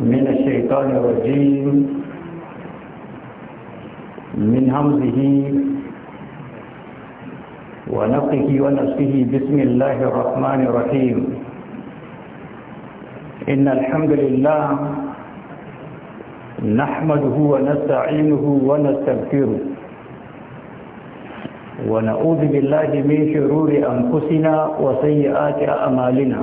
من الشيطان الرجيم من همزه ونفخه ونفسه بسم الله الرحمن الرحيم إن الحمد لله نحمده ونستعينه ونستغفره ونعوذ بالله من شرور أنفسنا وسيئات أعمالنا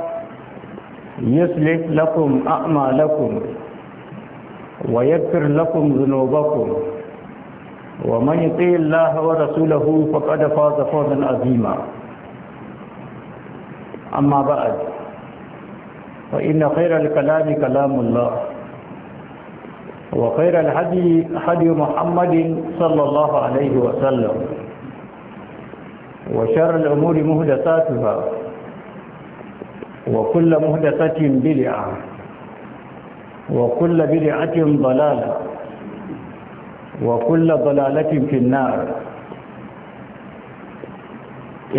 يصلح لكم أعمالكم ويغفر لكم ذنوبكم ومن يطيع الله ورسوله فقد فاز فوزا عظيما أما بعد فإن خير الكلام كلام الله وخير الهدي هدي محمد صلى الله عليه وسلم وشر الأمور مهدساتها wa kulla muhdathatin bid'ah wa kulla bid'atin dalal wa kulla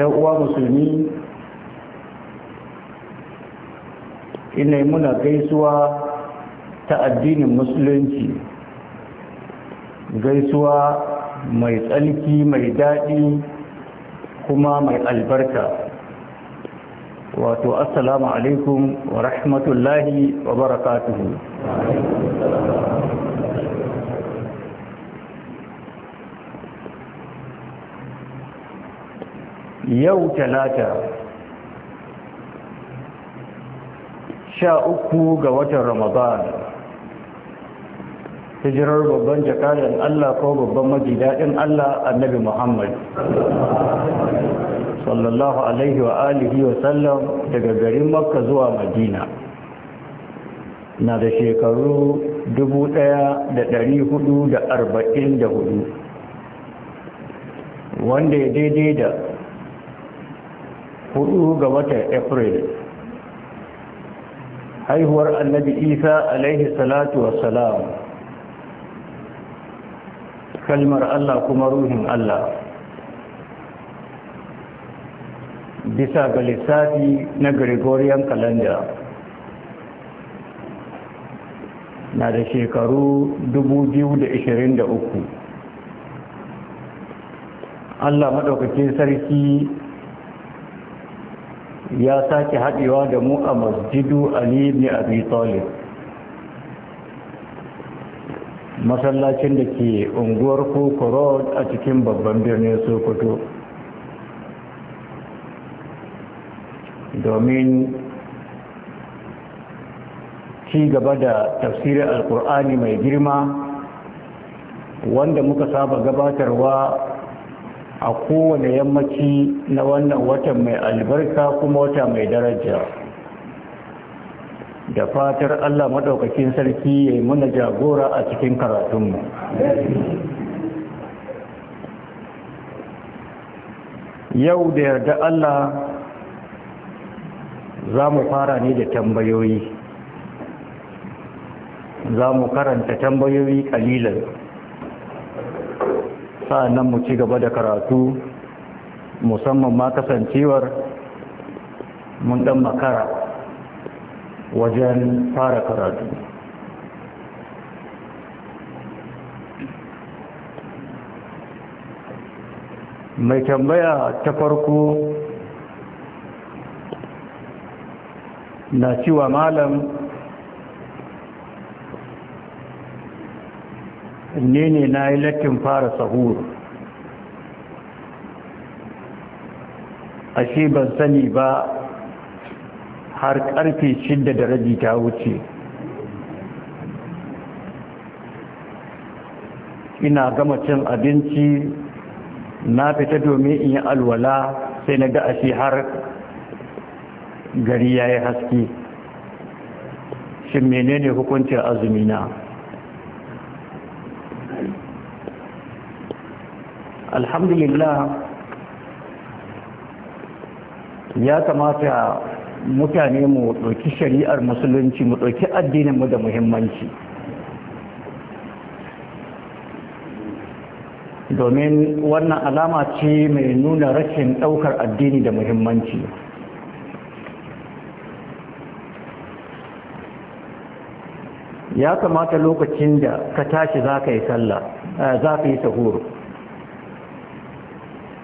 uwa musulmi ina gaisuwa ta addinin musulunci gaisuwa mai tsalki mai daɗi kuma mai albarka wato assalamu alaikum wa rahmatullahi wa barakatuhu yau talata sha uku ga watan ramadan hijirar babban jakadan allah ko babban majidaɗin allah annabi muhammad sallallahu alaihi wa alihi wa sallam daga garin makka zuwa madina na da shekaru 1444 wanda ya daidai da 4 ga watan april haihuwar annabi isa alaihi salatu wassalam kalmar allah kuma ruhin allah bisa ga lissafi na gregorian calendar na da shekaru 2023 allah maɗaukacin sarki ya sake haɗewa da mu a masjidu ali ibn abi talib masallacin da ke unguwar kokoro a cikin babban birnin sokoto domin ci gaba da tafsirin alkur'ani mai girma wanda muka saba gabatarwa a kowane yammaci na wannan watan mai albarka kuma wata mai daraja da fatar allah maɗaukakin sarki ya yi muna jagora a cikin karatunmu yau da yarda allah za mu fara ne da tambayoyi za mu karanta tambayoyi kalilan nan mu ci gaba da karatu musamman ma kasancewar mun dan makara wajen fara karatu mai tambaya ta farko na cewa malam ne ne na yi lattin fara sahur ashe ban sani ba har karfe shida da rabi ta wuce ina gama cin abinci na fita domin in yi alwala sai na ga ashe har gari ya yi haske shi menene hukuncin azumi azumina alhamdulillah ya kamata mutane mu ɗauki shari'ar musulunci mu ɗauki addininmu da muhimmanci domin wannan alama ce mai nuna rashin ɗaukar addini da muhimmanci ya kamata lokacin da ka tashi za ka yi sallah eh, za ka yi sahuru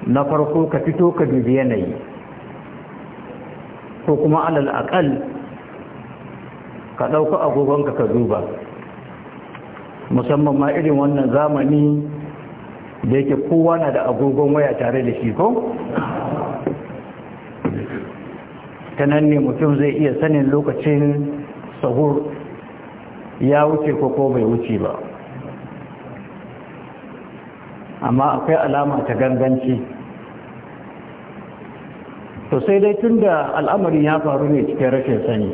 na farko ka fito ka dubi yanayi ko kuma alal akal ka ɗauka agogonka ka duba musamman ma irin wannan zamani da yake kowa na da agogon waya tare da shi ko ta nan ne mutum zai iya sanin lokacin sahur ya wuce ko ko bai wuce ba amma akwai alama ta ganganci to sai dai tun da al'amarin ya faru ne cikin rashin sani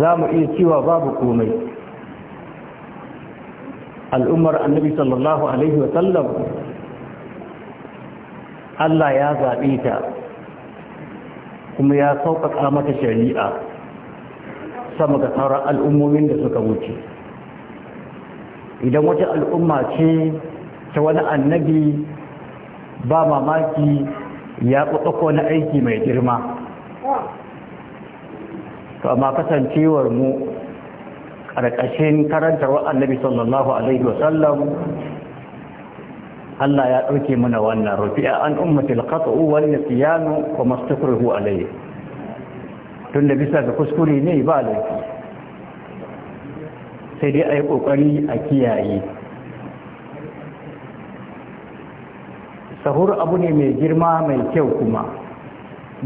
za mu iya cewa babu komai al'ummar annabi sallallahu alaihi wa sallam. Allah ya zaɓe ta kuma ya sauƙaƙa mata shari'a sama ga sauran al'ummomin da suka wuce idan wata al'umma ce ta wani annabi ba mamaki ya ko na aiki mai girma kama kasancewar mu ƙarƙashin karantarwar annabi sallallahu alaihi wasallam Allah ya ɗauke mana wannan rufi'a an ummatil qat'u wal nisyanu wa mastakruhu alayhi Tunda bisa ga kuskure ne ba laifi sai dai a yi ƙoƙari a kiyaye sahur abu ne mai girma mai kyau kuma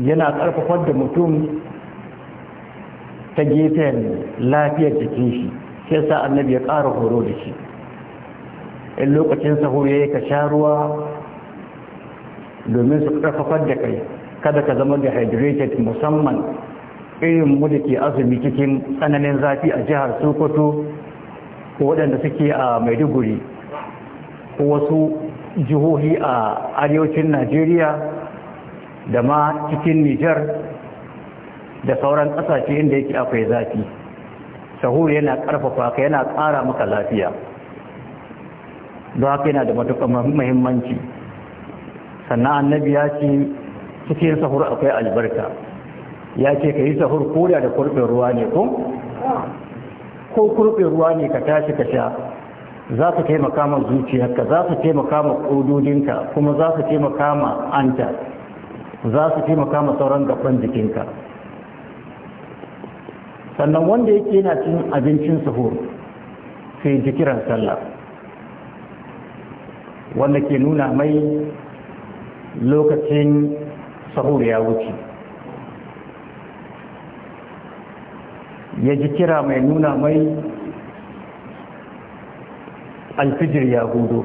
yana ƙarfafar da mutum ta gefen lafiyar jikin shi sai sa annabi ya ƙara horo da shi in lokacin sahur ya yi ka sha ruwa domin su ƙarfafar da kai kada ka zama dehydrated musamman irin mu da ke azumi cikin tsananin zafi a jihar sokoto ko waɗanda suke a maiduguri ko wasu jihohi a arewacin najeriya da ma cikin nijar da sauran ƙasashe inda yake akwai zafi sahur yana ƙarfafa ka yana ƙara maka lafiya don haka yana da matuƙa muhimmanci sannan annabi ya ce cikin sahur akwai albarka ya ce ka yi sahur koda da kurɓin ruwa ne ko ko kurɓin ruwa ne ka tashi ka sha za su taimaka ma zuciyarka za su taimaka ma ƙododinka kuma za su taimaka ma anta za su taimaka ma sauran gaban jikinka sannan wanda yake yana cin abincin sahur sai jikiran kiran sallah wanda ke nuna mai lokacin sahur ya wuce ya ji kira mai nuna mai alfijir ya hudu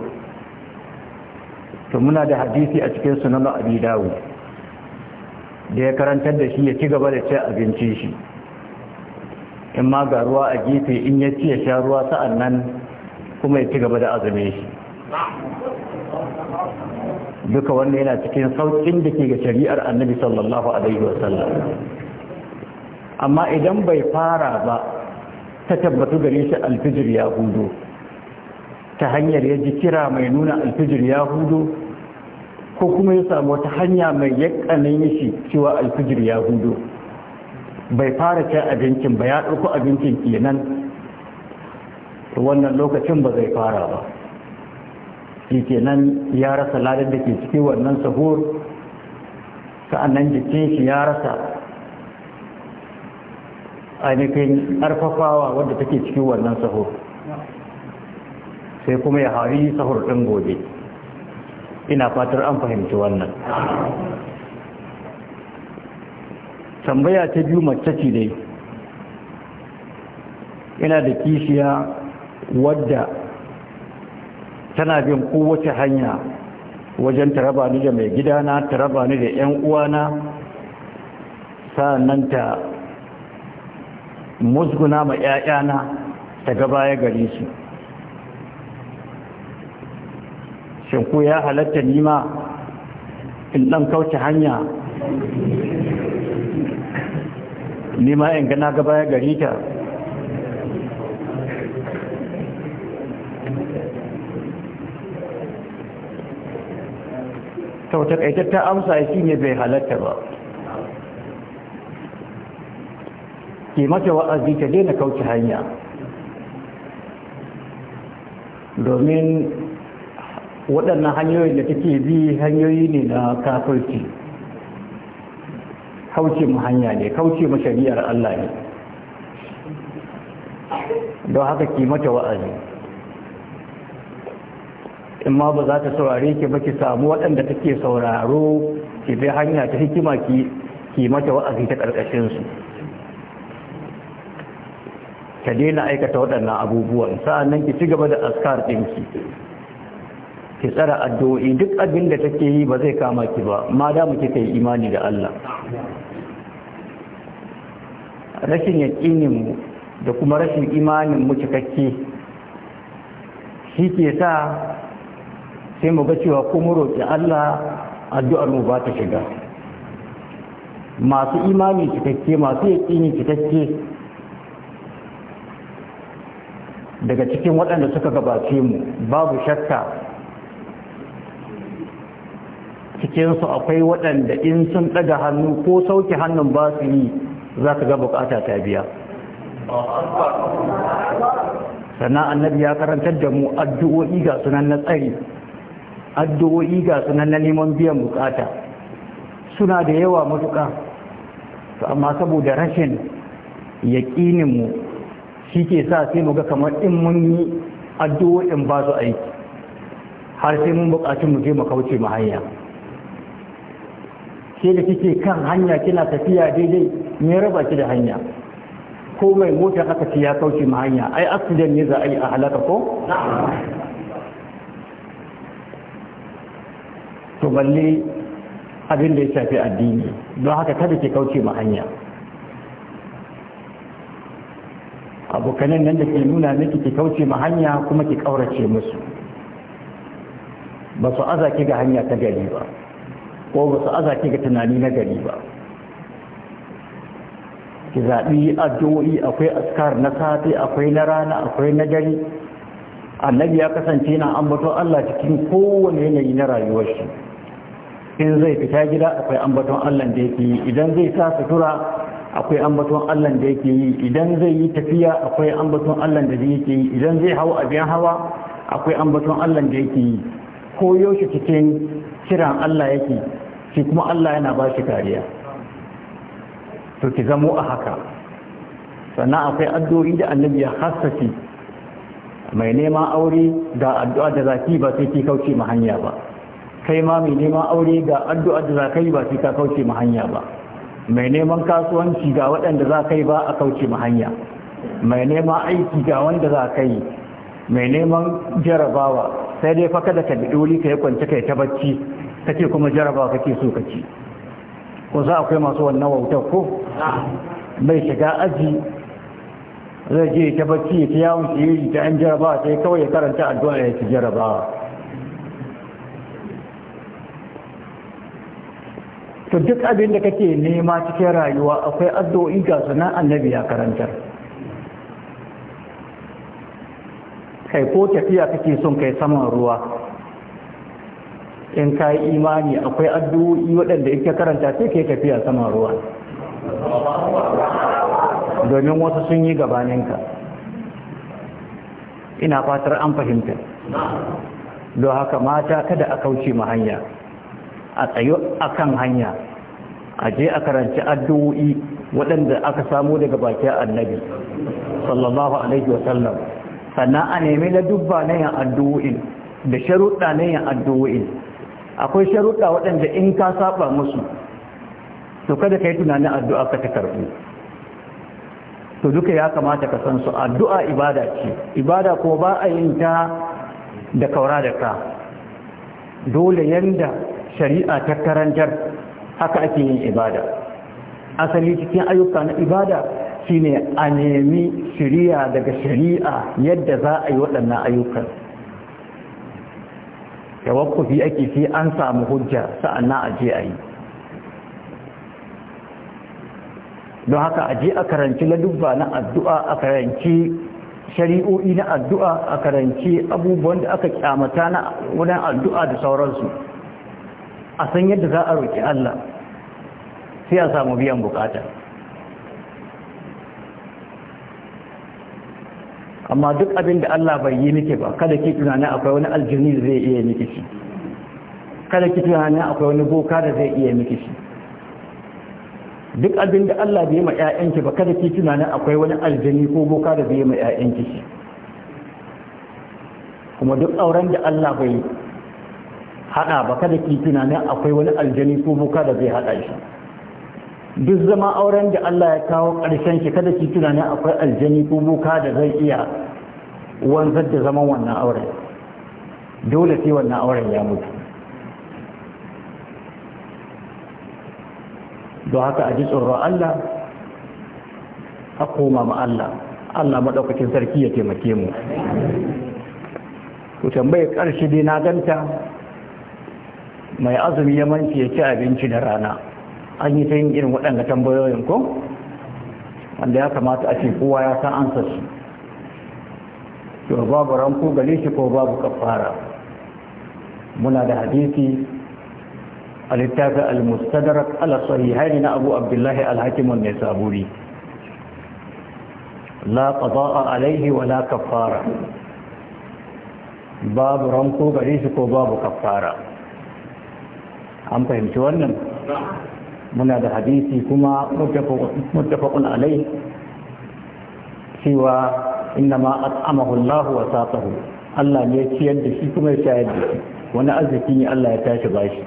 to muna da hadisi a cikin sunan abi dawo da ya karantar da shi ya ci gaba da ce abinci shi in ma ga ruwa a gefe in ya ci ya sha ruwa sa'an nan kuma ya ci gaba da azumin shi duka wannan yana cikin saukin da ke ga shari'ar annabi sallallahu alaihi wasallam amma idan bai fara ba ta tabbatu gare shi alfijir ya hudu ta hanyar ya ji kira mai nuna alfijir ya hudu ko kuma ya samu wata hanya mai yakkanin shi cewa alfijir ya hudu bai fara cin abincin ba ya ɗauko abincin kenan wannan lokacin ba zai fara ba shi nan ya rasa ladar da ke ciki wannan sahur sa'annan jikin shi ya rasa ainihin ƙarfafawa wadda take cikin wannan sahur sai kuma ya hari sahur ɗin gobe ina fatar an fahimci wannan tambaya ta biyu mace ce dai ina da kishiya wadda tana bin kowace hanya wajen taraba ni da mai gidana taraba ni da 'yan uwana sa'annan ta musguna ma 'ya'yana daga baya gare su shin ku ya halatta nima in ɗan kauce hanya nima in gana na ya gari ta ta wata ƙaitatta amsa shi ne bai halatta ba ke mata wa'azi ta daina kauce hanya domin waɗannan hanyoyin da take bi hanyoyi ne na kafirci kauce mu hanya ne kauce mu shari'ar Allah ne don haka ki mata wa'azi in ma ba za ta saurare ki ba ki samu waɗanda take sauraro ki bi hanya ta hikima ki mata wa'azi ta ƙarƙashin su ka daina aikata waɗannan abubuwan sa'annan ki ci gaba da askar ɗinki ki tsara addu'o'i duk abin da take yi ba zai kama ki ba ma da mu kika yi imani da Allah rashin yaƙinin da kuma rashin imanin mu cikakke shi ke sa sai mu ga cewa mu roƙi Allah addu'ar mu ba ta shiga masu imani cikakke masu yaƙini cikakke daga cikin waɗanda suka gabace mu babu shakka cikinsu akwai waɗanda in sun ɗaga hannu ko sauke hannun ba su yi za ka ga bukata ta biya sannan annabi ya karantar da mu addu'o'i ga sunan na tsari addu'o'i ga sunan na neman biyan bukata suna da yawa matuƙa amma saboda rashin yaƙininmu shi ke sa sai mu ga kamar in mun yi addu'o'in ba su aiki har sai mun buƙaci mu je mu kauce mu hanya ke da kike kan hanya kina tafiya daidai me raba ki da hanya ko mai mota aka ci ya kauce mu hanya ai accident ne za a yi a halaka ko to balle abin da ya shafi addini don haka kada ki kauce mu hanya abokanan nan da ke nuna miki ki kauce ma hanya kuma ki kaurace musu ba su aza ki ga hanya ta gari ba ko ba su aza ga tunani na gari ba ki zaɓi addu'o'i akwai askar na safe akwai na rana akwai na dare annabi ya kasance na ambaton Allah cikin kowane yanayi na rayuwar shi in zai fita gida akwai ambaton Allah da yake idan zai sa sutura akwai ambaton Allah da yake yi idan zai yi tafiya akwai ambaton Allah da yake yi idan zai hau biyan hawa akwai ambaton Allah da yake yi ko yaushe cikin kiran Allah yake shi kuma Allah yana ba shi kariya to ki zamo a haka sannan akwai addu'o'i da annabi ya mai neman aure ga addu'a da zaki ba sai ki kauce ma hanya ba kai ma mai neman aure ga addu'a da zakai ba sai ka kauce ma hanya ba mai neman kasuwanci ga waɗanda za ka yi ba a kauce ma hanya mai neman aiki ga wanda za ka yi mai neman jarabawa sai dai faka da kaɗi wuri ka yi kwanci kai ta bacci kake kuma jarabawa kake so ka ci ko za akwai masu wannan wautar ko mai shiga aji zai je ta bacci ya ta yawon yi ta yan jarabawa sai kawai ya karanta addu'a ya ci jarabawa to duk abin da kake nema cikin rayuwa akwai addu'o'i ga sunan annabi ya karantar kai ko tafiya kake son kai saman ruwa in ka imani akwai addu'o'i waɗanda yake karanta sai kai tafiya saman ruwa domin wasu sun yi gabaninka ina fatar an fahimta don haka mata kada a kauce ma hanya a tsayo akan hanya a je a karanci addu'o'i waɗanda aka samu daga bakin annabi sallallahu alaihi wasallam sannan a nemi na dubba na yin addu'o'in da sharuɗa na yin addu'o'in akwai sharuɗa waɗanda in ka saba musu to kada ka yi tunanin addu'a ka ta karɓi to duka ya kamata ka san su addu'a ibada ce ibada ko ba a yin ta da kaura da ka dole yanda shari'a ta karantar haka ake yin ibada asali cikin ayyuka na ibada shine a nemi shari'a daga shari'a yadda za a yi waɗannan ayyukan tawakkufi ake fi an samu hujja sa'annan a je a yi don haka aje a karanci ladubba na addu'a a karanci shari'o'i na addu'a a karanci abubuwan da aka kyamata na wurin addu'a da sauransu a san yadda za a roƙi Allah sai a samu biyan bukata amma duk abin da Allah bai yi nike ba kada ki tunanin akwai wani aljini zai iya miki shi kada ki tunanin akwai wani boka da zai iya miki shi duk abin da Allah bai ma ƴaƴanki ba kada ki tunanin akwai wani aljini ko boka da zai ma ƴaƴanki shi kuma duk auren da Allah bai haɗa ba kada ki ne akwai wani aljani ko boka da zai haɗa shi duk zama auren da Allah ya kawo ƙarshen shi kada ki tunanin akwai aljani ko boka da zai iya wanzar da zaman wannan auren dole sai wannan auren ya mutu don haka a ji tsoron Allah a koma ma Allah Allah maɗaukacin sarki ya taimake mu ku tambaye ƙarshe dai na ganta mai azumi ya manci ya ci abinci da rana an yi ta yin irin waɗanda tambayoyin ko wanda ya kamata a kowa ya san ansa su to babu ranko gare shi ko babu kafara muna da hadisi a littafin al-mustadrak ala sahihaini na abu abdullahi al-hakimun ne saburi la qada'a alaihi wa la kafara babu ranko gare shi ko babu kafara an fahimci wannan muna da hadisi kuma mutafakun alai cewa inna ma a Allah wa satahu Allah ne ya ciyar da shi kuma ya shayar da shi wani arziki ne Allah ya tashi bashi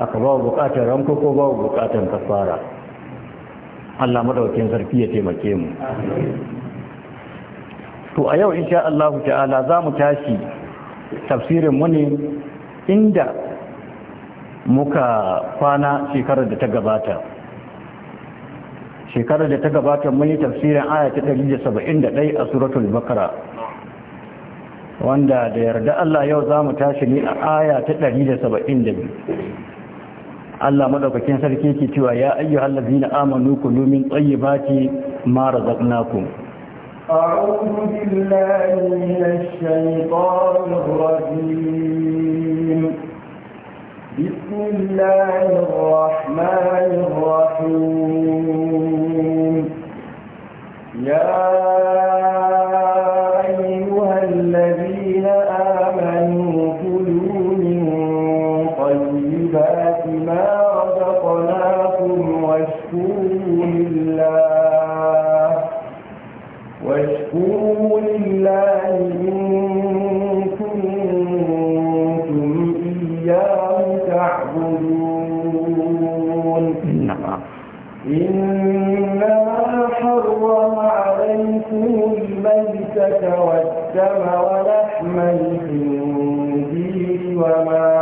aka ba wa bukatar ranko ko ba wa bukatar kafara Allah madaukin sarki ya taimake mu to a yau insha Allah ta'ala za mu tashi tafsirin mu ne inda muka kwana shekarar da ta gabata shekarar da ta gabata mun yi tafsirin ayata 171 a suratul bakara wanda da yarda Allah yau za mu tashi ne a aya ta 172 Allah madaukakin sarki ke cewa ya ayyuhal ladina amanu kulu min tayyibati ma razaqnakum أعوذ بالله من الشيطان الرجيم بسم الله الرحمن الرحيم يا أيها الذين آمنوا كلوا من طيبات ما رزقناكم واشكروا لله واشكروا لله والسمك والدم ولحم الخنزير وما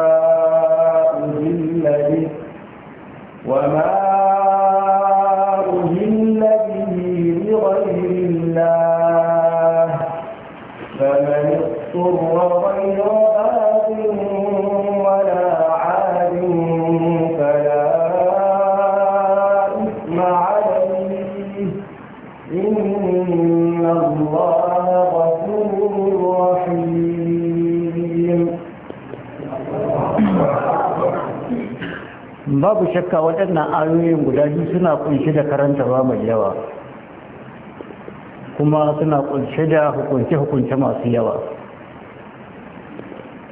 babu shakka waɗannan ayoyin guda biyu suna kunshi da karantarwa mai yawa kuma suna kunshe da hukunce-hukunce masu yawa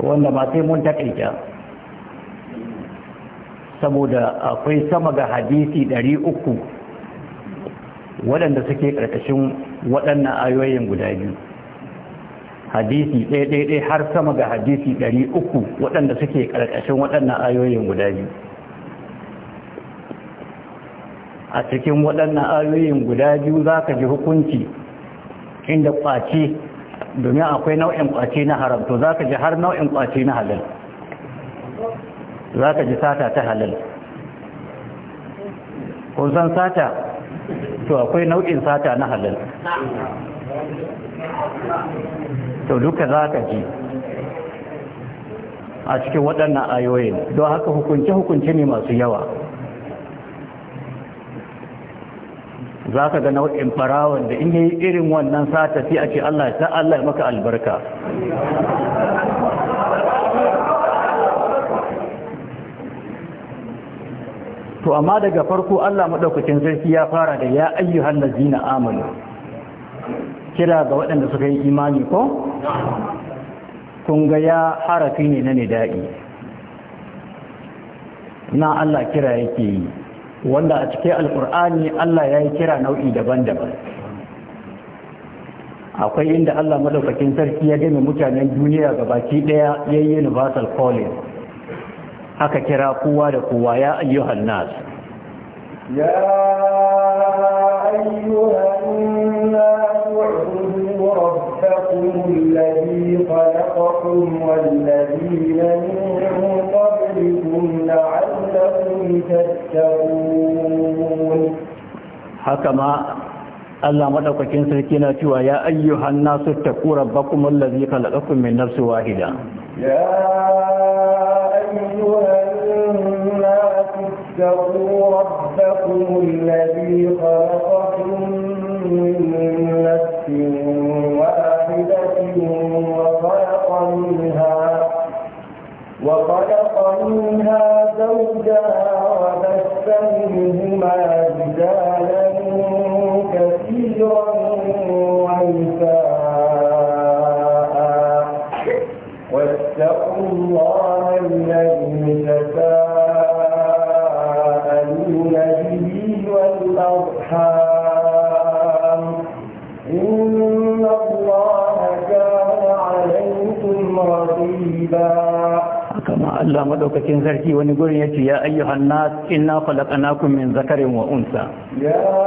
wanda masu mun taƙaita saboda akwai sama ga hadisi ɗari uku waɗanda suke ƙarƙashin waɗannan ayoyin guda biyu hadisi ɗaiɗaiɗai har sama ga hadisi ɗari uku waɗanda suke ƙarƙashin waɗannan ayoyin guda biyu a cikin waɗannan ayoyin guda biyu za ka ji hukunci inda ƙwace domin akwai nau'in ƙwace na haram to za ka ji har nau'in ƙwace na halal za ka ji sata ta halal kun san sata to akwai nau'in sata na halal to duka za ka ji a cikin waɗannan ayoyin don haka hukunce-hukunce ne masu yawa za ka ga nau'in ɓarawon da in yi irin wannan sata sai a ce Allah ta Allah maka albarka to amma daga farko Allah maɗaukacin sarki ya fara da ya ayyuhan na Amadu. kira ga waɗanda suka yi imani ko kun ga ya harafi ne na nida'i na Allah kira yake yi wanda a cikin alkur'ani Allah ya yi kira nau'i daban-daban akwai inda Allah madaukakin sarki ya gami mutanen duniya ga baki daya ya yi universal calling aka kira kowa da kowa ya ayyuhan nas ya ayyuhan nas rabbakum alladhi khalaqakum wal ladhi haka ma Allah madaukakin sarki na cewa ya ayyuhan nasu taqu rabbakum allazi khalaqakum min nafsin wahida ya وَقَالَ قَوْمُهَا زوجها وبث منهما رجالا بكرا ونساء واتقوا الله الذي تساءلون به والأرحام إن الله كان عليكم رقيبا كما الله ونقول يا أيها الناس إنا خلقناكم من ذكر وأنثى يا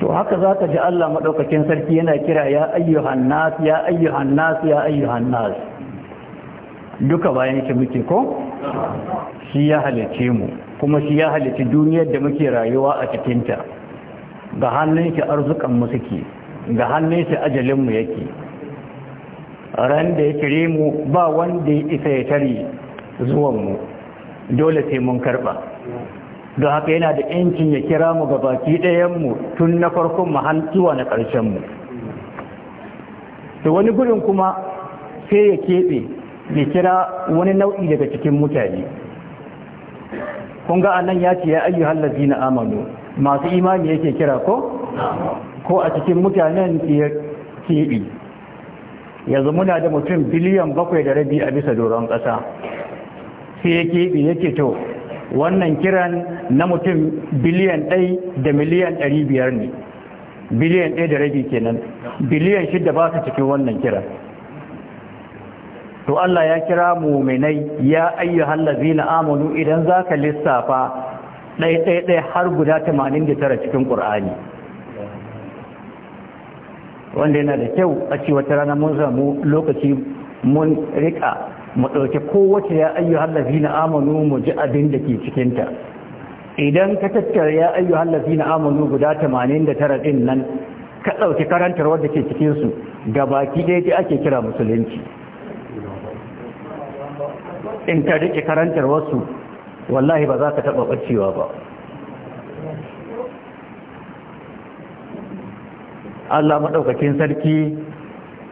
to haka za ka ji Allah maɗaukakin sarki yana kira ya ayyuhan nas ya ayyuhan nas ya ayyuhan nas duka bayan shi muke ko shi ya halice mu kuma shi ya halice duniyar da muke rayuwa a cikinta ga hannun shi arzukan mu suke ga hannun shi ajalin mu yake ran da ya kire mu ba wanda ya isa ya tare zuwan mu dole sai mun karba don haka yana da yankin ya kira mu ga baki ɗayanmu tun na farkon mu har na ƙarshen mu da wani gurin kuma sai ya keɓe ya kira wani nau'i daga cikin mutane kun ga anan ya ce ya ayyu hallazi na amanu masu imani yake kira ko ko a cikin mutanen ya keɓe yanzu muna da mutum biliyan bakwai da rabi a bisa doron ƙasa sai ya keɓe yake to wannan kiran na mutum biliyan ɗai da miliyan ɗari biyar ne biliyan ɗaya da rabi kenan biliyan shida ba su cikin wannan kiran to Allah ya kira muminai ya ayyuhal ladzina amanu idan zaka lissafa ɗai ɗai ɗai har guda tara cikin Qur'ani wanda yana da kyau a ce wata rana mun zama lokaci mun rika mu ɗauke kowace ya ayyu hallafi amanu mu ji abin da ke cikinta idan ka tattara ya ayyu hallafi na amanu guda 89 ɗin nan ka ɗauki karantar wadda ke cikinsu ga baki ɗaya ta ake kira musulunci in ka riƙe karantar wasu wallahi ba za ka taɓa ɓacewa ba Allah maɗaukakin sarki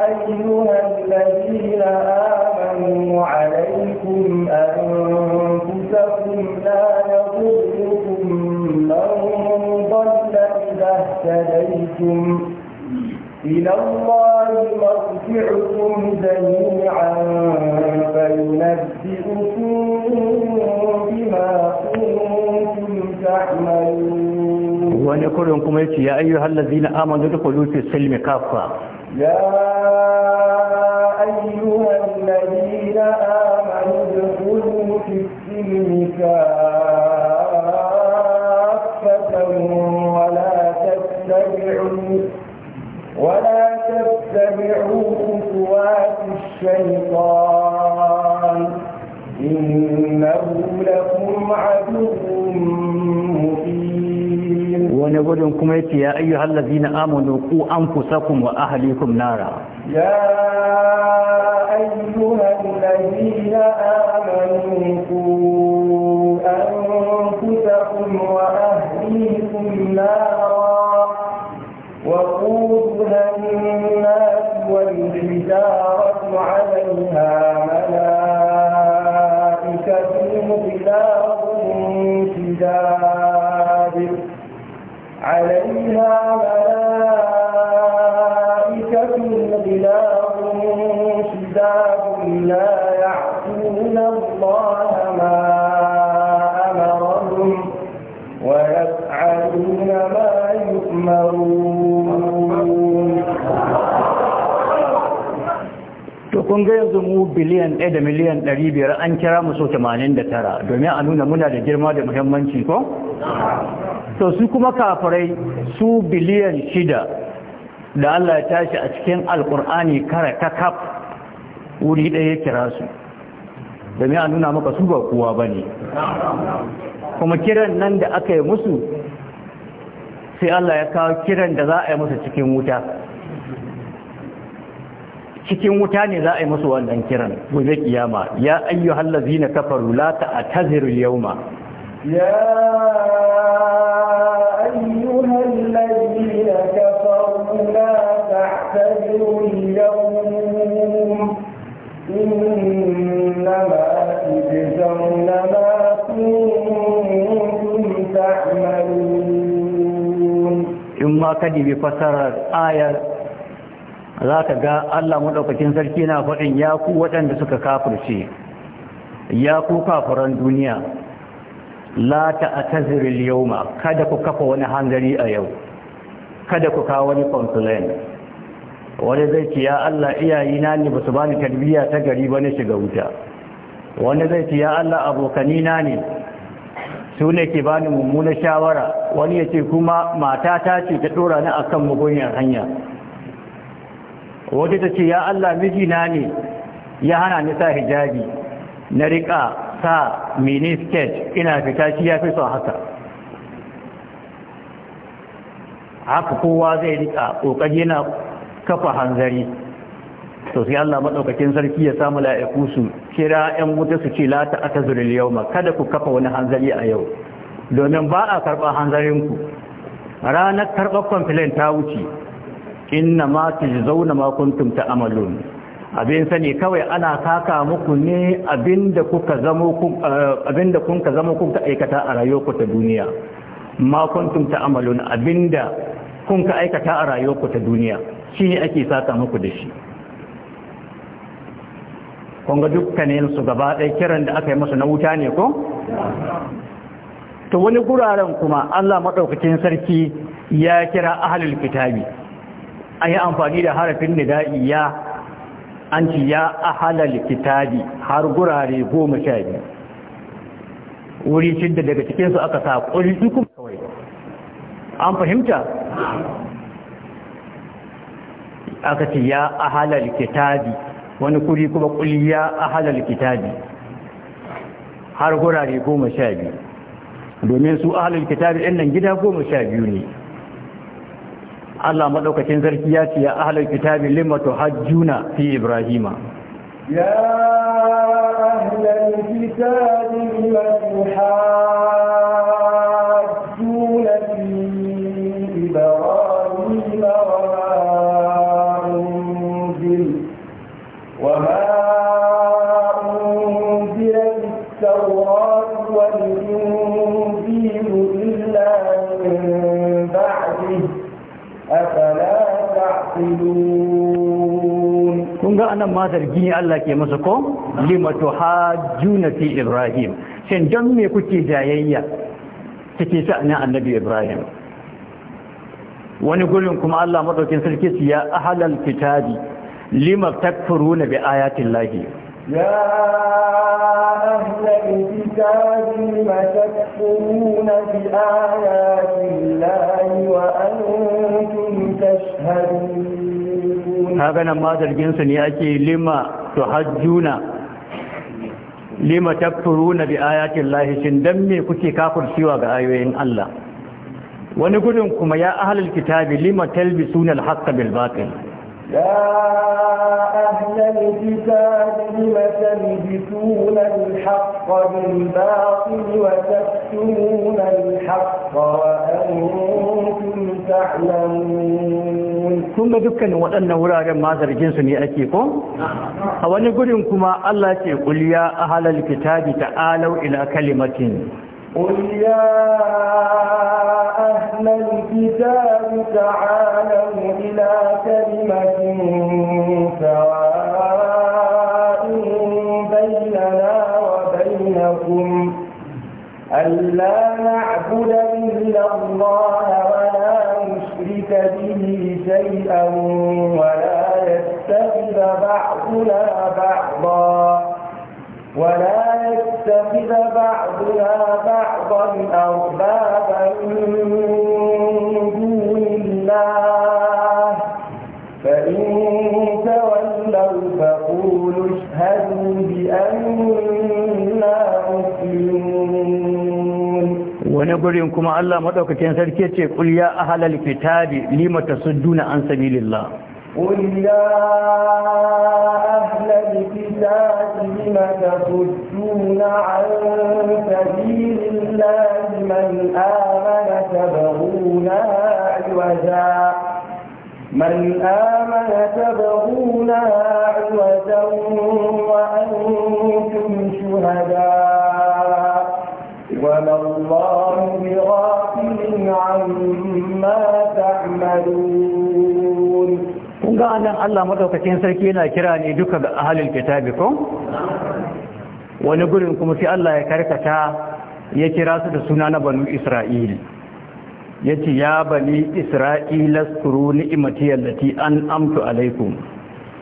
أيها الذين آمنوا عليكم أنفسكم لا يضركم من ضل إذا اهتديتم إلى الله مرجعكم جميعا فينبئكم بما كنتم تعملون ونقول لكم kuma yace ya ayyuhal ladzina amanu السلم fi يا أيها الذين آمنوا ادخلوا في السلم كافة ولا تتبعوا ولا تتبعوا خطوات الشيطان إنه لكم عدو wani gudun kuma yace ya ayyuhal ladzina amanu qu anfusakum wa ahlikum nara ya ayyuhal ladzina amanu qu anfusakum wa ahlikum nara wa qudha an-nas wal hijaratu 'alayha malaa'ikatun غلاظ شداد عليها ملائكة غلاظ شداد لا يعصون الله ما أمرهم ويفعلون ما يؤمرون to kun ga yanzu mu biliyan 1 da miliyan 500 an kira mu so 89 domin a nuna muna da girma da muhimmanci ko to su kuma kafirai su biliyan shida da Allah ya tashi a cikin alkur'ani kara ta kaf wuri ɗaya ya kira su domin a nuna maka su ba kowa ba ne kuma kiran nan da aka yi musu sai Allah ya kawo kiran da za a yi musu cikin wuta cikin wuta ne za a yi musu wannan kiran gobe kiyama ya ayyuhallazina kafaru la ta'tazirul yawma يا أيها الذين كفروا لا تعتذروا اليوم إنما تجزون ما كنتم تعملون إما آية za ka ga Allah maɗaukakin sarki na faɗin ya ku waɗanda suka kafirce ya ku kafiran duniya la ta'tazir al-yawma kada ku kafa wani hangari a yau kada ku kawo wani complaint wani zai ce ya Allah iyayina ne basu bani tarbiyya ta gari ba ne shiga wuta wani zai ce ya Allah abokanina ne su ne ke bani mummunan shawara wani ya ce kuma mata ta ce ta dora ni akan mugunyar hanya wani ta ce ya Allah mijina ne ya hana ni sa hijabi na riƙa sa mini sketch ina fita shi ya fi son haka haka kowa zai rika ƙoƙari yana kafa hanzari to sai Allah madaukakin sarki ya samu la'iku su kira 'yan wuta su ce la ta'tazurul yawma kada ku kafa wani hanzari a yau domin ba a karɓa hanzarin ku ranar karɓar complaint ta wuce inna ma zauna ma kuntum ta'malun abin sani kawai ana kaka muku ne abinda kuka zamo kuka kun aikata a rayuwarku ta duniya ma ta ta'malun abinda kun ka aikata a rayuwarku ta duniya shine ake saka muku da shi kun ga dukkanin su gaba ɗaya kiran da aka yi musu na wuta ne ko Ta wani guraren kuma Allah maɗaukacin sarki ya kira ahlul kitabi an yi amfani da harafin nida'i ya an ci ya ahalal kitabi har gurare goma sha biyu wuri shidda daga cikinsu aka sa ƙuri kuma kawai an fahimta aka ci ya ahalal kitabi wani kuri kuma ƙuri ya ahalal kitabi har gurare goma sha biyu domin su ahalal kitabi ɗin nan gida goma sha biyu ne Allah maɗaukacin sarki ya ce ya ahlul kitabi lima hajjuna fi ibrahima ya ahlul kitabi lima tuhajjuna wannan zargin zargi Allah ke masa ko limatu hajjuna fi ibrahim shin don me kuke jayayya take sha'anin annabi ibrahim wani gurin kuma Allah madaukin sarki su ya ahlal kitabi lima takfuruna bi ayatin lahi ya ahlal kitabi lima takfuruna bi ayatin lahi wa antum tashhadun haka nan ma zarginsu ne ake lima to hajjuna lima na bi ayatin lahi shin dan me kuke kafurciwa ga ayoyin Allah wani gudun kuma ya ahlul kitabi lima talbisuna sunan bil batil يا أهل الكتاب لم تلبسون الحق بالباطل وتكتمون الحق وأنتم تعلمون kuma dukkanin waɗannan wuraren ma zarginsu ne ake ko? a wani gudun kuma Allah ce kuliya a halar fita ta alau ila kalimatin قل يا أهل الكتاب تعالوا إلى كلمة سواء بيننا وبينكم ألا نعبد إلا الله ولا نشرك به شيئا ولا يتخذ بعضنا بعضا ولا يتخذ بعضنا بعضا أربابا من دون الله فإن تولوا فقولوا اشهدوا بأننا مسلمون ونقول كما الله مدوكتين سركيتي قل يا أهل الكتاب لم تسدون عن سبيل الله قل يا أهل الكتاب لم تصدون عن سبيل الله من آمن تبغونها عوجا من آمن تبغونها عوجا وأنتم شهداء وما الله بغافل عما تعملون kun ga nan Allah madaukakin sarki yana kira ne duka ga ahalin kitabi ko wani gurin kuma sai Allah ya karkata ya kira su da suna na banu Isra'il yace ya bani Isra'il askuru ni'mati allati an amtu alaikum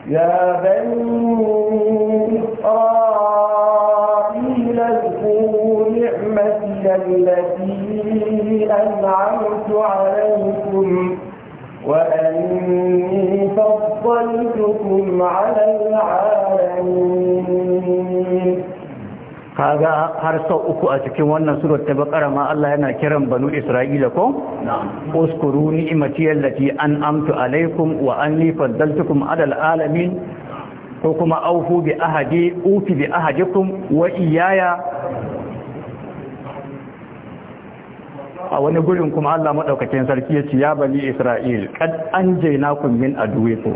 ya bani إسرائيل اذكروا نعمتي التي أنعمت وأني فضلتكم على العالمين kaga har sau uku a cikin wannan surar ta bakara ma Allah yana kiran banu Isra'ila ko uskuru ni'imati allati an'amtu alaikum wa anni faddaltukum alal alamin ko kuma awfu bi ahadi ufi bi ahadikum wa iyaya a wani gurin kuma Allah maɗaukakin sarki ya ce, Ya bani Isra’il, ƙad an jai na kummin a duwe ko.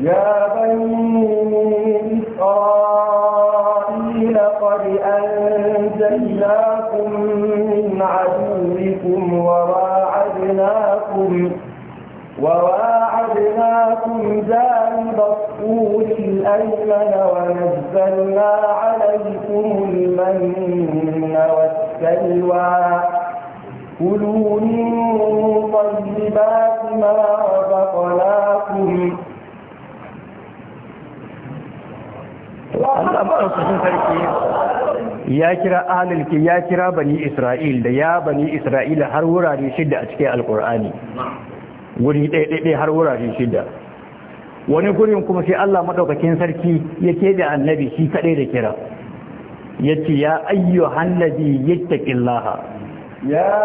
Ya bani Isra’ila faɗi an jai na kummin a duwe kun wawa haɗi na kun zai ba kuri aimana wa nazzanna halayi kun manna wa tsalwa. ya kira ahalilki ya kira bani Isra'il da ya bani Isra'il har wurare shida a cikin Alƙur'ani, wuri ɗaiɗaiɗai har wurare shida. Wani gurin kuma sai Allah maɗaukakin sarki ya keɓe annabi shi kaɗai da kira, ya ce ya ayyuhan hannabi yadda ƙillaha, يا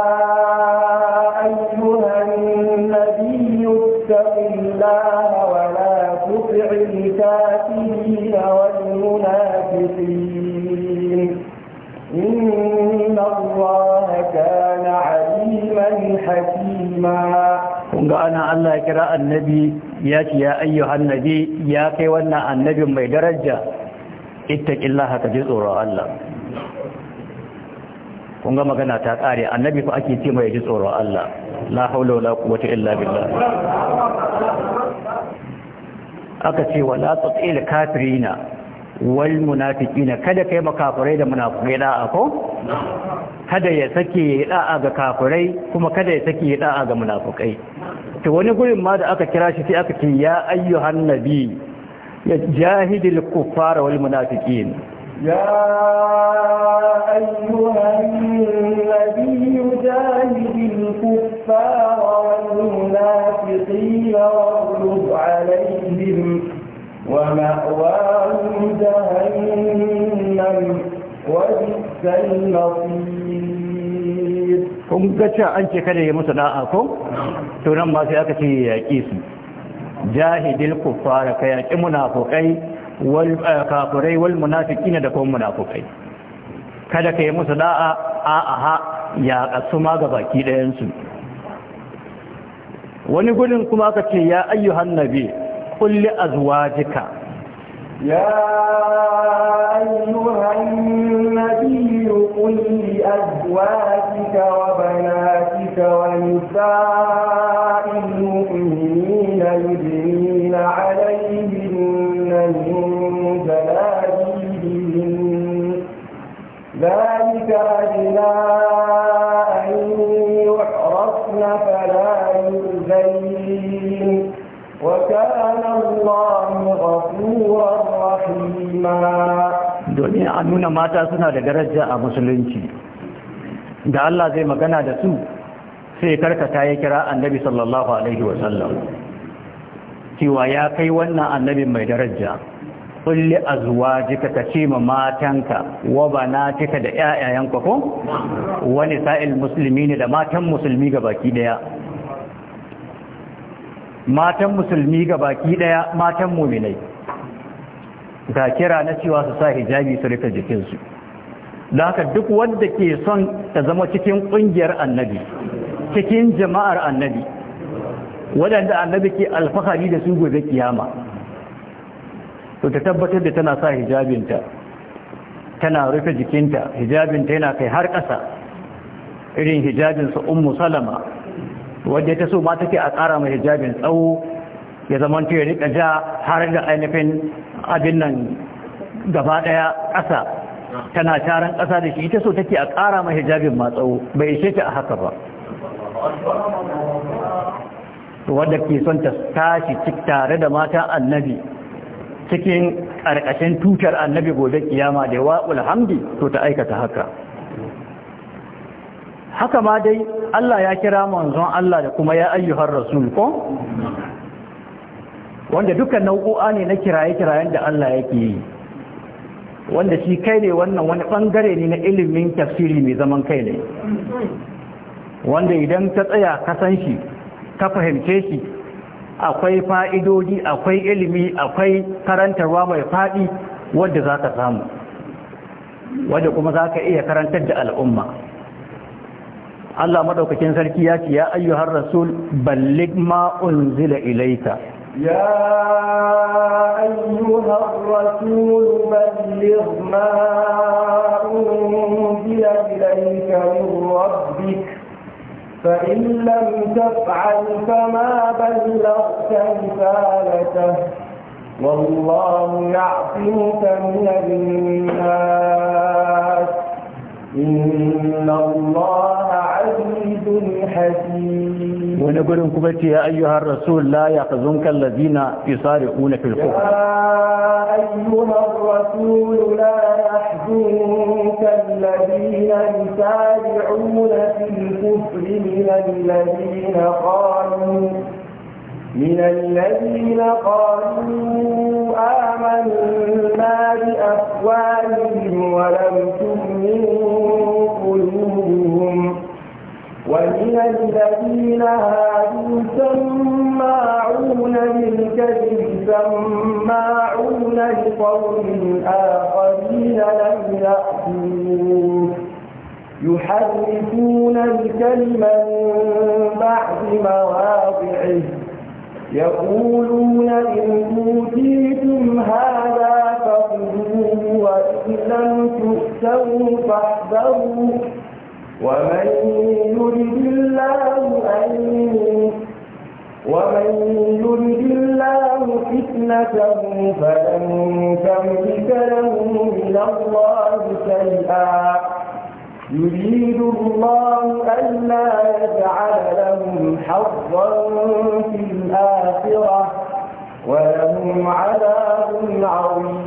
أيها النبي اتق الله ولا تطع الكافرين والمنافقين إن الله كان عليما حكيما ana Allah ya kira annabi ya ce ya ayyuhan annabi ya kai wannan annabin mai daraja ittaqillaha ka ji tsoron Allah kun ga magana ta kare annabi fa ake ce mai ji tsoron Allah la haula wala quwwata illa billah aka ce wala tatil kafirina wal munafiqina kada kai makafurai da munafiqai da ako kada ya sake da'a ga kafirai kuma kada ya sake da'a ga munafiqai to wani gurin ma da aka kira shi sai aka ce ya ayyuhan nabi ya jahidil kuffara wal munafiqin يا أيها النبي جاهد الكفار والمنافقين واغلب عليهم ومأواهم جهنم وبئس المصير kun ga cewa an ce kada ya musu da'a ko to nan ma sai aka ce ya yaƙi su jahidil kuffara kai yaƙi munafukai wal eh, kafirai wal munafiqina da kuma munafikai kada ka yi musu da'a a aha ya kasu ma ga baki ɗayan wani gurin kuma ka ce ya ayyuhan nabi qul li azwajika ya ayyuhan nabi qul li wa wa domin a nuna mata suna da daraja a musulunci da Allah zai magana da su sai karkata ya kira annabi sallallahu alaihi wasallam cewa ya kai wannan annabin mai daraja kulli azwajika ka ce ma matanka wa banatika da ƴaƴayanka ko wani sa'il musulmi ne da matan musulmi ga baki daya matan musulmi ga baki daya matan muminai ga kira na cewa su sa hijabi su rufe jikinsu da haka duk wanda ke son ta zama cikin kungiyar annabi cikin jama'ar annabi waɗanda annabi ke alfahari da su gobe kiyama to ta tabbatar da tana sa hijabinta tana rufe jikinta hijabinta yana kai har ƙasa irin hijabinsa ummu salama wadda ta so ma take a ƙara mai hijabin tsawo ya zama ta yi ja har da ainihin abin nan gaba ɗaya ƙasa tana taron ƙasa da shi ita so take a ƙara mai hijabin ma tsawo bai ishe ta a haka ba wadda ke son ta tashi tare da mata annabi cikin ƙarƙashin tutar annabi gobe kiyama da wa hamdi to ta aikata haka haka ma dai Allah ya kira manzon Allah da kuma ya ayyuhar rasul ko wanda dukkan nau'o'a ne na kiraye-kirayen da Allah yake yi wanda shi kai ne wannan wani bangare ne na ilimin tafsiri mai zaman kai ne wanda idan ka tsaya ka san shi ka fahimce shi akwai fa'idodi akwai ilimi akwai karantarwa mai faɗi wadda za ka samu wadda kuma za ka iya karantar da al'umma Allah maɗaukakin sarki ya ce ya ayyuhar rasul ballig ma'un zila ilaika ya ayyuhar rasul ballig ma'un zila ilaika فإن لم تفعل فما بلغت رسالته والله يعصمك من الناس إن الله عزيز حكيم ونقول لكم يا أيها الرسول لا يحزنك الذين يصارعون في الكفر يا أيها الرسول لا يحزنك الذين يسارعون في الكفر من الذين قالوا من الذين قالوا آمنا بأفواههم ولم تؤمنوا قلوبهم ومن الذين هادوا سماعون للكذب سماعون لقوم آخرين لم يأتوك يحرفون الكلم من بعد مواضعه يقولون إن أوتيتم هذا فقدوه وإن لم تؤتوا فاحذروا ومن يرد الله أن ومن يرد الله فتنته فلن تملك له من الله شيئا يريد الله ألا يجعل لهم حظا في الآخرة ولهم عذاب عظيم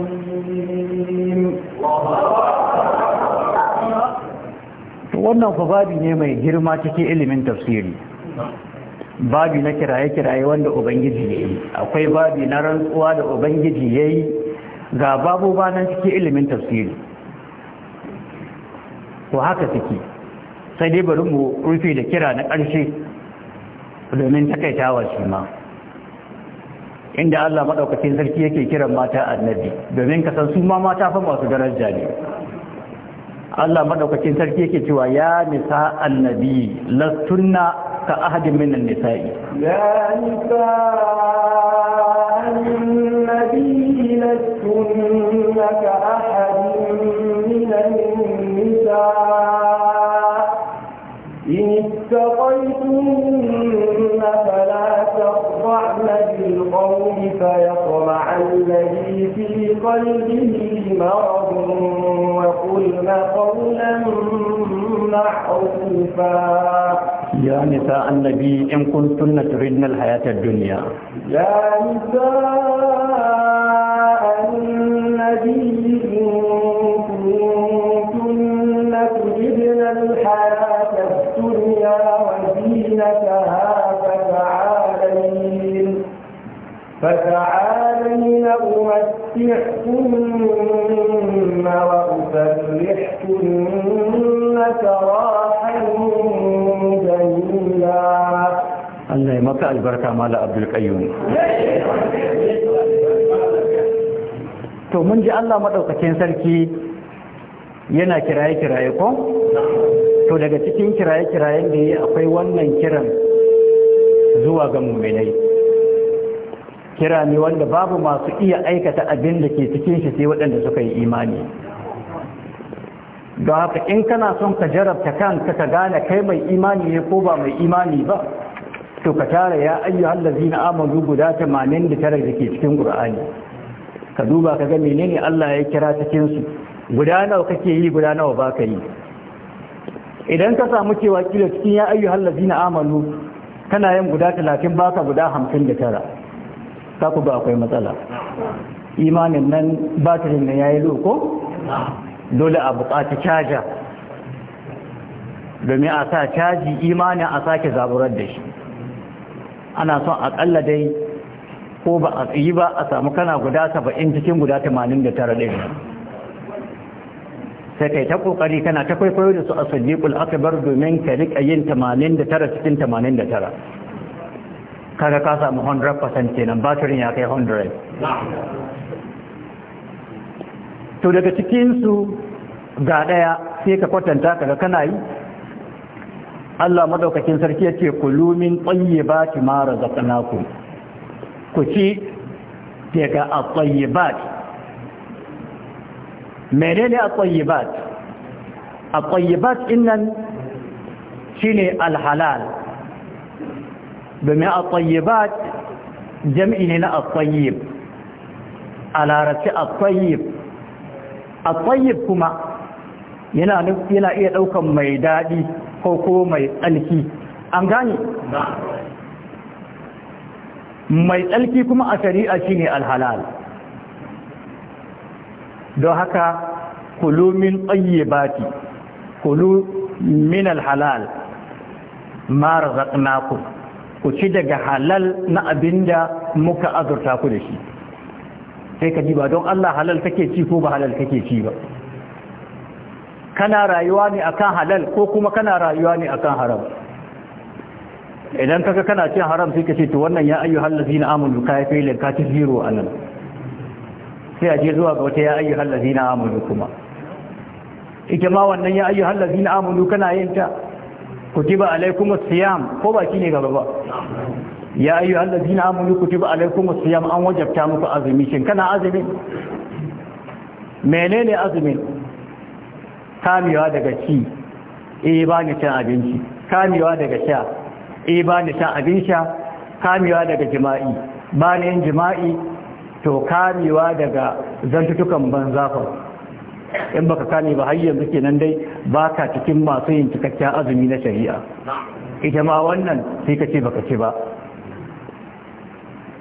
wannan fa babi ne mai girma cikin ilimin tafsiri babi na kiraye-kiraye wanda ubangiji ya yi akwai babi na rantsuwa da ubangiji ya yi ga babu banan cikin ilimin tafsiri to haka suke sai dai bari mu rufe da kira na ƙarshe domin takaitawa shi ma inda Allah maɗaukacin sarki yake kiran mata annabi domin ka san su ma mata fa masu daraja ne Allah maɗaukacin sarki yake cewa ya nisa annabi lastunna ka ahadin minan nisa'i ya nisa annabi lastunna ka إن اتقيتن فلا تخضعن بالقول فيطمع الذي في قلبه مرض وقلن قولا معروفا يا نساء النبي إن كنتن تردن الحياة الدنيا يا نساء النبي نكها فتعالين فتعالين سراحا جميلا Allah ya maka albarka mala Abdul Qayyum to mun ji Allah madaukakin sarki yana kiraye kiraye ko to daga cikin kiraye-kirayen da yi akwai wannan kiran zuwa ga muminai kira ne wanda babu masu iya aikata abin da ke cikin shi sai waɗanda suka yi imani don haka in kana son ka jarabta kanka ka gane kai mai imani ne ko ba mai imani ba to ka tara ya ayyuhal na amanu guda 89 da ke cikin qur'ani ka duba ka ga menene Allah ya kira cikinsu. su guda nawa kake yi guda nawa baka yi idan ka samu cewa kila cikin ya ayyu hallazi na amalu kana yin guda talatin ba ka guda hamsin da tara ta ku ba akwai matsala imanin nan batirin nan ya yi loko dole a buƙaci caja domin a sa caji imanin a sake zaburar da shi ana son aƙalla dai ko ba a tsayi ba a samu kana guda saba'in cikin guda tamanin da tara ɗaya sai kai ta kokari kana ta kwaikwayo da su a sadiqul akbar domin ka rika yin 89 cikin 89 kaga ka samu 100% kenan battery ya kai 100 to daga cikin su ga daya sai ka kwatanta kaga kana yi Allah madaukakin sarki yace kulu min tayyibati ma razaqnakum ku ci daga at tayyibati menene at-tayyibat at-tayyibat innan shine alhalal domin at-tayyibat jam'i ne na at-tayyib a larabci at-tayyib at-tayyib kuma yana iya daukan mai dadi ko ko mai tsalki an gani mai tsalki kuma a shari'a shine al-halal don haka kulu min tsayyibati kulu min alhalal mara ku ci daga halal na abin da muka azurta ku da shi sai ka ji ba don Allah halal take ci ko ba halal take ci ba kana rayuwa ne akan halal ko kuma kana rayuwa ne akan haram idan kaga kana cin haram sai ka ce to wannan ya ayyuhal ladina amanu ka yafe lanka anan sai a je zuwa ga wata ya ayyuhal ladina amanu kuma ita ma wannan ya ayyuhal ladina amanu kana yin ta kutiba alaikumus siyam ko ba ne gaba ba ya ayyuhal ladina amanu kutiba alaikumus siyam an wajabta muku azumi shin kana azumin menene azumin kamewa daga ci eh ba ni cin abinci kamewa daga sha eh ba ni shan abin sha kamewa daga jima'i ba ni yin jima'i to kamewa daga zantutukan banzafa in baka kame ba har yanzu kenan dai baka cikin masu yin cikakken azumi na shari'a ita ma wannan sai ka ce baka ce ba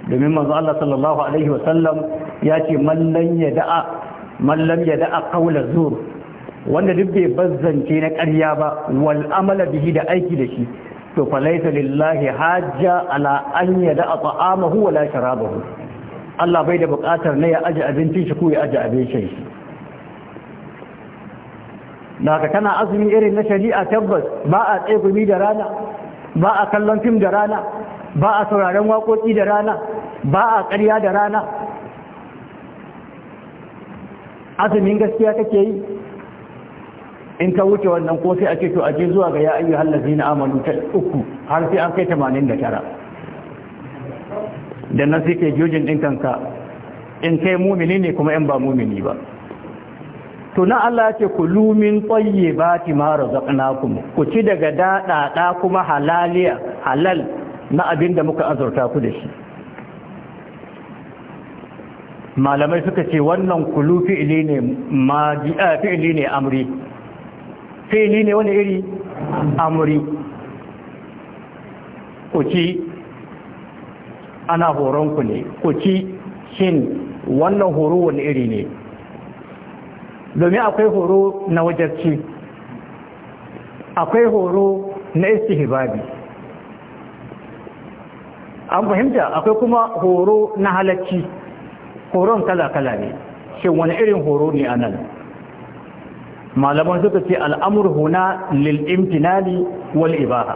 domin manzo Allah sallallahu alaihi wasallam ya ce mallan ya da'a mallan ya zur wanda duk bai bazzance na karya ba wal'amala bihi da aiki da shi to falaita lillahi hajja ala an ya da'a ta'amahu wala sharabahu Allah bai da buƙatar na ya aji abincin shi ko ya aji abincin shi na ka kana azumi irin na shari'a tabbas ba a tsegumi da rana ba a kallon fim da rana ba a sauraren waƙoƙi da rana ba a ƙarya da rana azumin gaskiya kake yi in ka wuce wannan ko sai a ce to je zuwa ga ya ayyuhal ladzina amanu ta uku har sai an kai 89 da nan sai kai jojin din kanka in kai mumini ne kuma in ba mumini ba to na Allah ya ce kulu min tayyibati ma razaqnakum ku ci daga dadada kuma halaliya halal na abin da muka azurta ku da shi malamai suka ce wannan kulu fi'ili ne eh, fi'ili ne amri fi'ili ne wani iri amri ku ci ana horonku ne ku ci shin wannan horo wani iri ne domin akwai horo na wajarci akwai horo na hibabi an fahimta akwai kuma horo na halacci horon kala-kala ne shin wani irin horo ne a nan malaman suka ce al'amur huna lil'imtinali wal’ibaha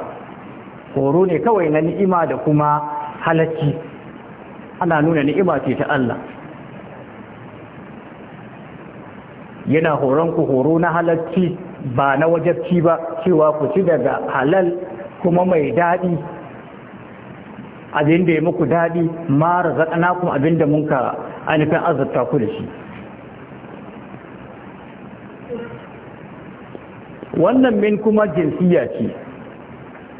horo ne kawai na ni'ima da kuma halacci ana nuna ni'ima ce ta Allah yana horon ku horo na halacci ba na wajabci ba cewa ku ci daga halal kuma mai daɗi abin da ya muku daɗi mara zaɗana kuma abin da munka ainihin azabta ku da shi wannan min kuma jinsiya ce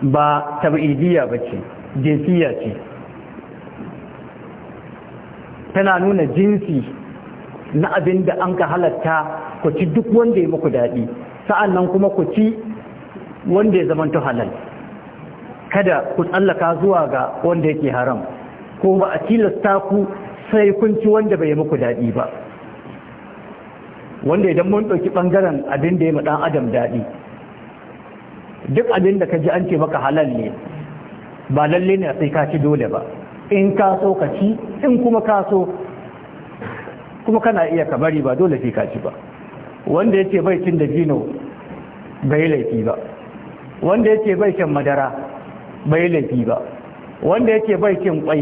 ba tabi'idiyya ba ce jinsiya ce tana nuna jinsi na abin da an ka halatta ku ci duk wanda ya muku daɗi sa'an nan kuma ku ci wanda ya zamanta halal kada ku tsallaka zuwa ga wanda yake haram ko ba a tilasta ku sai kun ci wanda bai muku daɗi ba wanda idan mun ɗauki ɓangaren abin da ya ɗan adam daɗi duk abin da ka ji an ce maka halal ne ba lalle ne sai ka ci dole ba in ka so ka ci in kuma ka so kuma kana iya ka bari ba dole sai ka ci ba wanda yace bai cin da jino bai laifi ba wanda yace bai shan madara bai laifi ba wanda yace bai cin kwai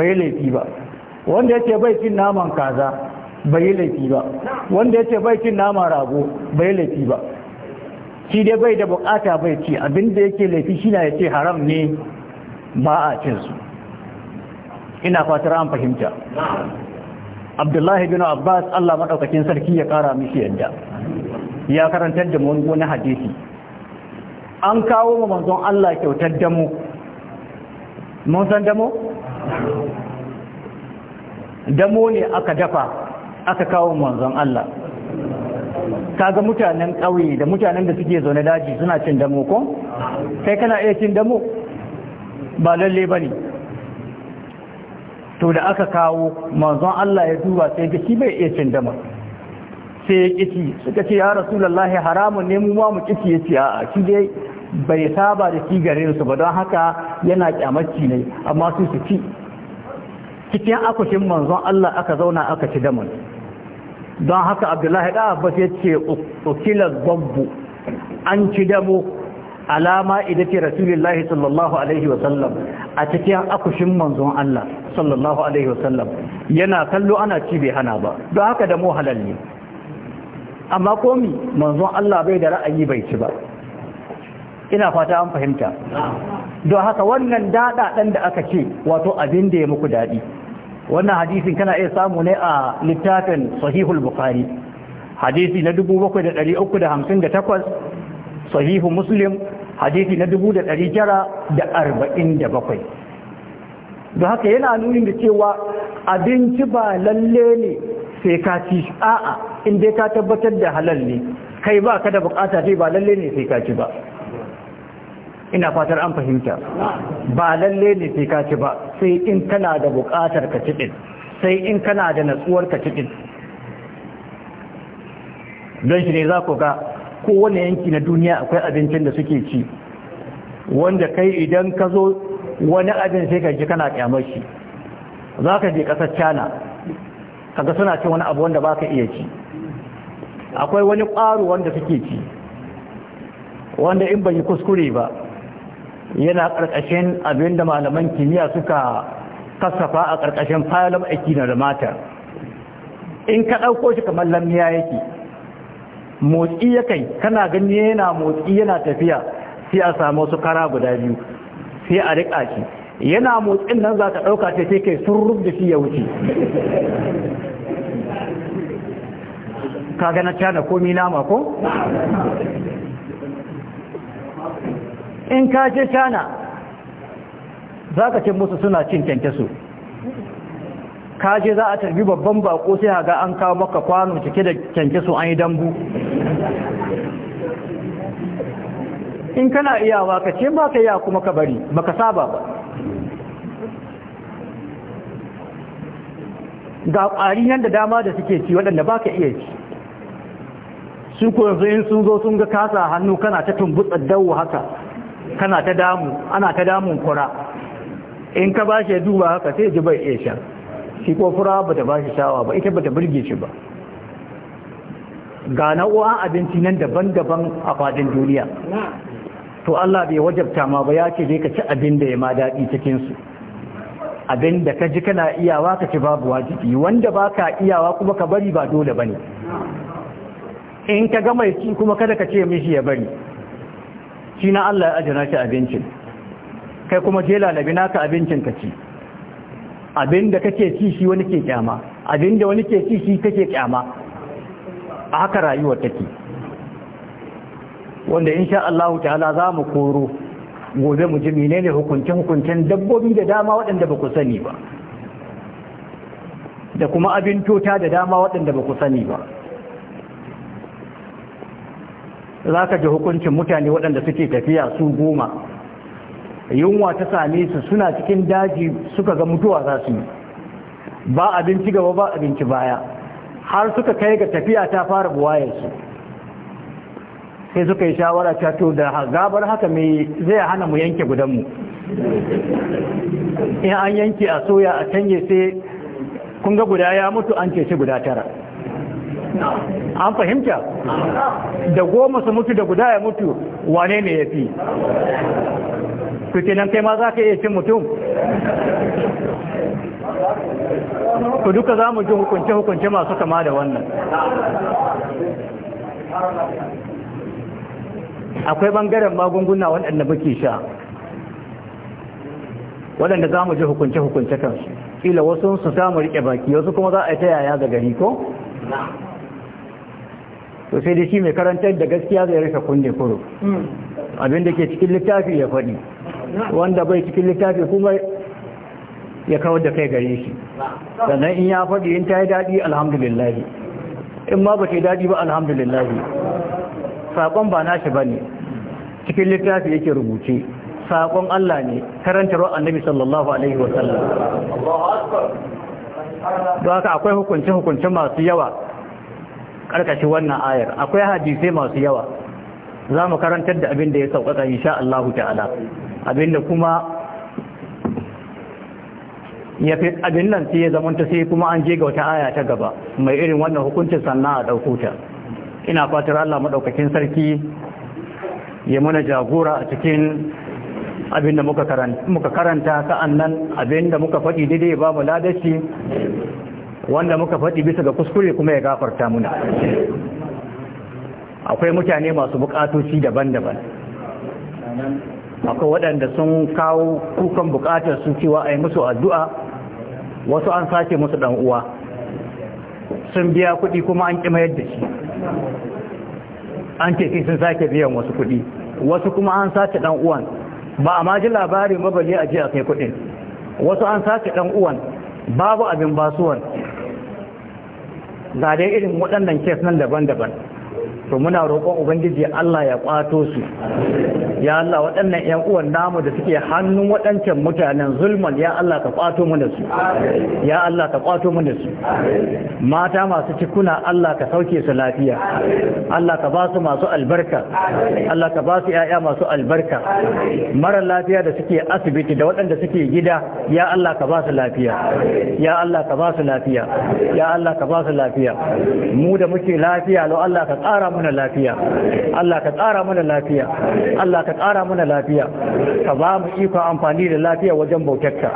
bai laifi ba wanda yace bai cin naman kaza bai laifi ba wanda yace bai cin naman rago bai laifi ba shi dai bai da bukata bai ci abinda yake laifi shi na ce haram ne ba a cin su ina fatar an fahimta abdullahi bin abbas allah maɗaukakin sarki ya ƙara mishi yadda ya karantar da mu wani hadisi an kawo mu manzon allah kyautar damo mun san damo? damo ne aka dafa aka kawo manzon allah kaga mutanen ƙauye da mutanen da suke zaune daji suna cin damo ko? kai kana iya cin damo ba lalle ba ne to da aka kawo manzon Allah ya duba sai ga shi bai iya cin dama sai ya kici suka ce ya rasulullahi haramun ne mu ma mu kici ce a'a shi dai bai saba da shi gare su ba don haka yana kyamaci ne amma su su ci cikin akushin manzon Allah aka zauna aka ci daman don haka abdullahi da abbas ya ce ukila zabbu an ci damo alama idati rasulillahi sallallahu alaihi wasallam a cikin akushin manzon Allah sallallahu alaihi wasallam yana kallo ana ci bai hana ba don haka da mu halal ne amma komi manzon Allah bai da ra'ayi bai ci ba ina fata an fahimta don haka wannan dada dan da aka ce wato abin da ya muku dadi wannan hadisin kana iya samu ne a littafin sahihul bukhari hadisi na 7358 sahihu muslim hadisi na 1947 da da da arba'in bakwai. haka yana nuni da cewa abinci ba lalle ne sai ka ci a'a in dai ka tabbatar da halal ne kai ba ka da bukata dai ba lalle ne sai ka ci ba ina fatar an fahimta ba lalle ne sai ka ci ba sai in kana da bukatar ka ci din sai in kana da natsuwar ka ci din don shi ne za ku ga kowane yanki na duniya akwai abincin da suke ci wanda kai idan ka zo wani abin sai ka ji kana kyamar shi za ka je kasar china kaga suna cin wani abu wanda ba ka iya ci akwai wani ƙwaro wanda suke ci wanda in ban yi kuskure ba yana ƙarƙashin abin da malaman kimiyya suka kasafa a ƙarƙashin fayalam aiki na da mata in ka ɗauko shi kamar lamniya yake motsi ya kai kana gani yana motsi yana tafiya sai a samu su kara guda biyu sai a riƙa shi yana motsin nan za ka ɗauka ta sai kai sun da shi ya wuce ka gana cana komi nama ko? in ka je cana za ka ce musu suna cin kyanke su ka je za a tarbi babban bako sai ga an kawo maka kwano cike da kyanke su an yi dambu in kana iyawa ka ce ba ka iya kuma ka bari ba ka saba ba ga ƙwari yadda dama da suke ci waɗanda ba ka iya ci su yanzu in sun zo sun ga kasa hannu kana ta tumbutsa dawo haka kana ta damu ana ta damun kura in ka ba shi ya duba haka sai ji bai iya sha shi ko ba ta ba shi shawa ba ita ba ta birge shi ba ga nau'o'an abinci nan daban-daban a fadin duniya to Allah bai wajabta ma ba ya ce zai ka ci abin da ya ma daɗi cikinsu abin da ka ji kana iyawa ka ci babu wajibi wanda ba ka iyawa kuma ka bari ba dole ba ne in ka ga mai ci kuma kada ka ce mishi ya bari shi na Allah ya ajina shi abincin kai kuma je lalabi naka abincin ka ci abin da kake ci shi wani ke kyama abin da wani ke ci shi kake kyama a haka rayuwar take wanda insha Allah ta'ala za mu koro gobe mu ji menene hukuncin hukuncin dabbobi da dama waɗanda ba ku sani ba da kuma abin tota da dama waɗanda ba ku sani ba za ka ji hukuncin mutane waɗanda suke tafiya su goma yunwa ta same su suna cikin daji suka ga mutuwa za su yi ba abinci gaba ba abinci baya har suka kai ga tafiya ta fara buwayensu sai suka yi shawara ta to da gabar haka mai zai hana mu yanke gudanmu in an yanke a soya a canye sai kun ga guda ya mutu an ce shi guda tara an fahimta da goma su mutu da guda ya mutu wane ne ya fi kuke nan kai ma za ka iya cin mutum to duka za mu ji hukunce-hukunce masu kama da wannan akwai bangaren magunguna waɗanda muke sha waɗanda za mu ji hukunce-hukunce kansu ƙila wasu su samu riƙe baki wasu kuma za a yi ta yaya ga gari ko? to sai dai shi mai karantar da gaskiya zai rika kunne kuro hmm. abinda ke cikin littafi ya faɗi wanda bai cikin littafi kuma ya kawar da kai gare shi sannan in ya faɗi in ta yi daɗi alhamdulillah in ma ba ta yi daɗi ba alhamdulillah saƙon ba nashi ba ne cikin littafi yake rubuce saƙon Allah ne karantarwa annabi sallallahu alaihi wasallam ba haka akwai hukunce-hukunce masu yawa ƙarƙashin wannan ayar akwai hadisai masu yawa za mu karantar da abin da ya sauƙaƙa insha Allah ta'ala abin da kuma ya fi abin nan sai ya zamanta sai kuma an je ga wata aya ta gaba mai irin wannan hukuncin sannan a ɗauko ina fatar Allah maɗaukakin sarki ya mana jagora a cikin abin da muka karanta sa'an nan abin da muka faɗi daidai ba mu ladashi wanda muka faɗi bisa ga kuskure kuma ya gafarta muna akwai mutane masu buƙatoci daban-daban akwai waɗanda sun kawo kukan buƙatar sun cewa a yi musu addu'a wasu an sake musu dan uwa sun biya kuɗi kuma an kima yadda shi an ce sun sake biyan wasu kuɗi wasu kuma an sace dan uwan ba a maji labarin mabali a jiya kai kuɗi. wasu an sace dan uwan babu abin basuwan ga dai irin waɗannan kes nan daban-daban to muna roƙon ubangiji Allah ya ƙwato su ya Allah waɗannan ƴan uwan namu da suke hannun waɗancan mutanen zulman ya Allah ka ƙwato mu da su ya Allah ka ƙwato mu da su mata masu cikuna Allah ka sauke su lafiya Allah ka ba su masu albarka Allah ka ba su ƴaƴa masu albarka mara lafiya da suke asibiti da waɗanda suke gida ya Allah ka ba su lafiya ya Allah ka ba su lafiya ya Allah ka ba su lafiya mu da muke lafiya lo Allah ka ƙara mu mana lafiya Allah ka tsara mana lafiya Allah ka tsara mana lafiya ka ba mu iko amfani da lafiya wajen bautarka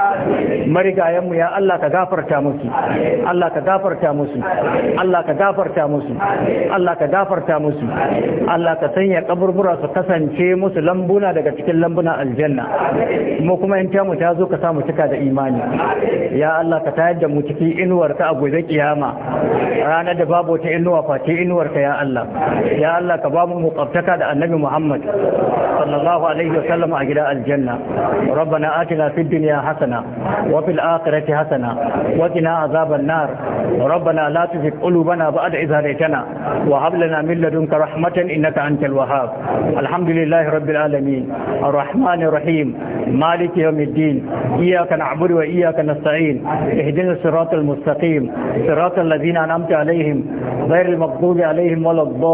marigayen mu ya Allah ka gafarta musu Allah ka gafarta musu Allah ka gafarta musu Allah ka gafarta musu Allah ka sanya kaburbura su kasance musu lambuna daga cikin lambuna aljanna mu kuma in mu ta zo ka samu cika da imani ya Allah ka tayar da mu cikin inuwarka a gobe kiyama ranar da babu wata inuwa face inuwarka ya Allah ya Allah ka ba mu makwabtaka da annabi Muhammad sallallahu alaihi wasallam a gida aljanna rabbana atina fid dunya hasana wa fil akhirati hasana wa qina azaban nar rabbana la tuzigh qulubana ba'da idh hadaytana wa hab lana min ladunka rahmatan innaka antal wahhab alhamdulillahi rabbil alamin arrahmanir rahim maliki yawmiddin iyyaka na'budu wa iyyaka nasta'in ihdinas siratal mustaqim siratal ladzina an'amta alaihim ghayril maghdubi alaihim waladdallin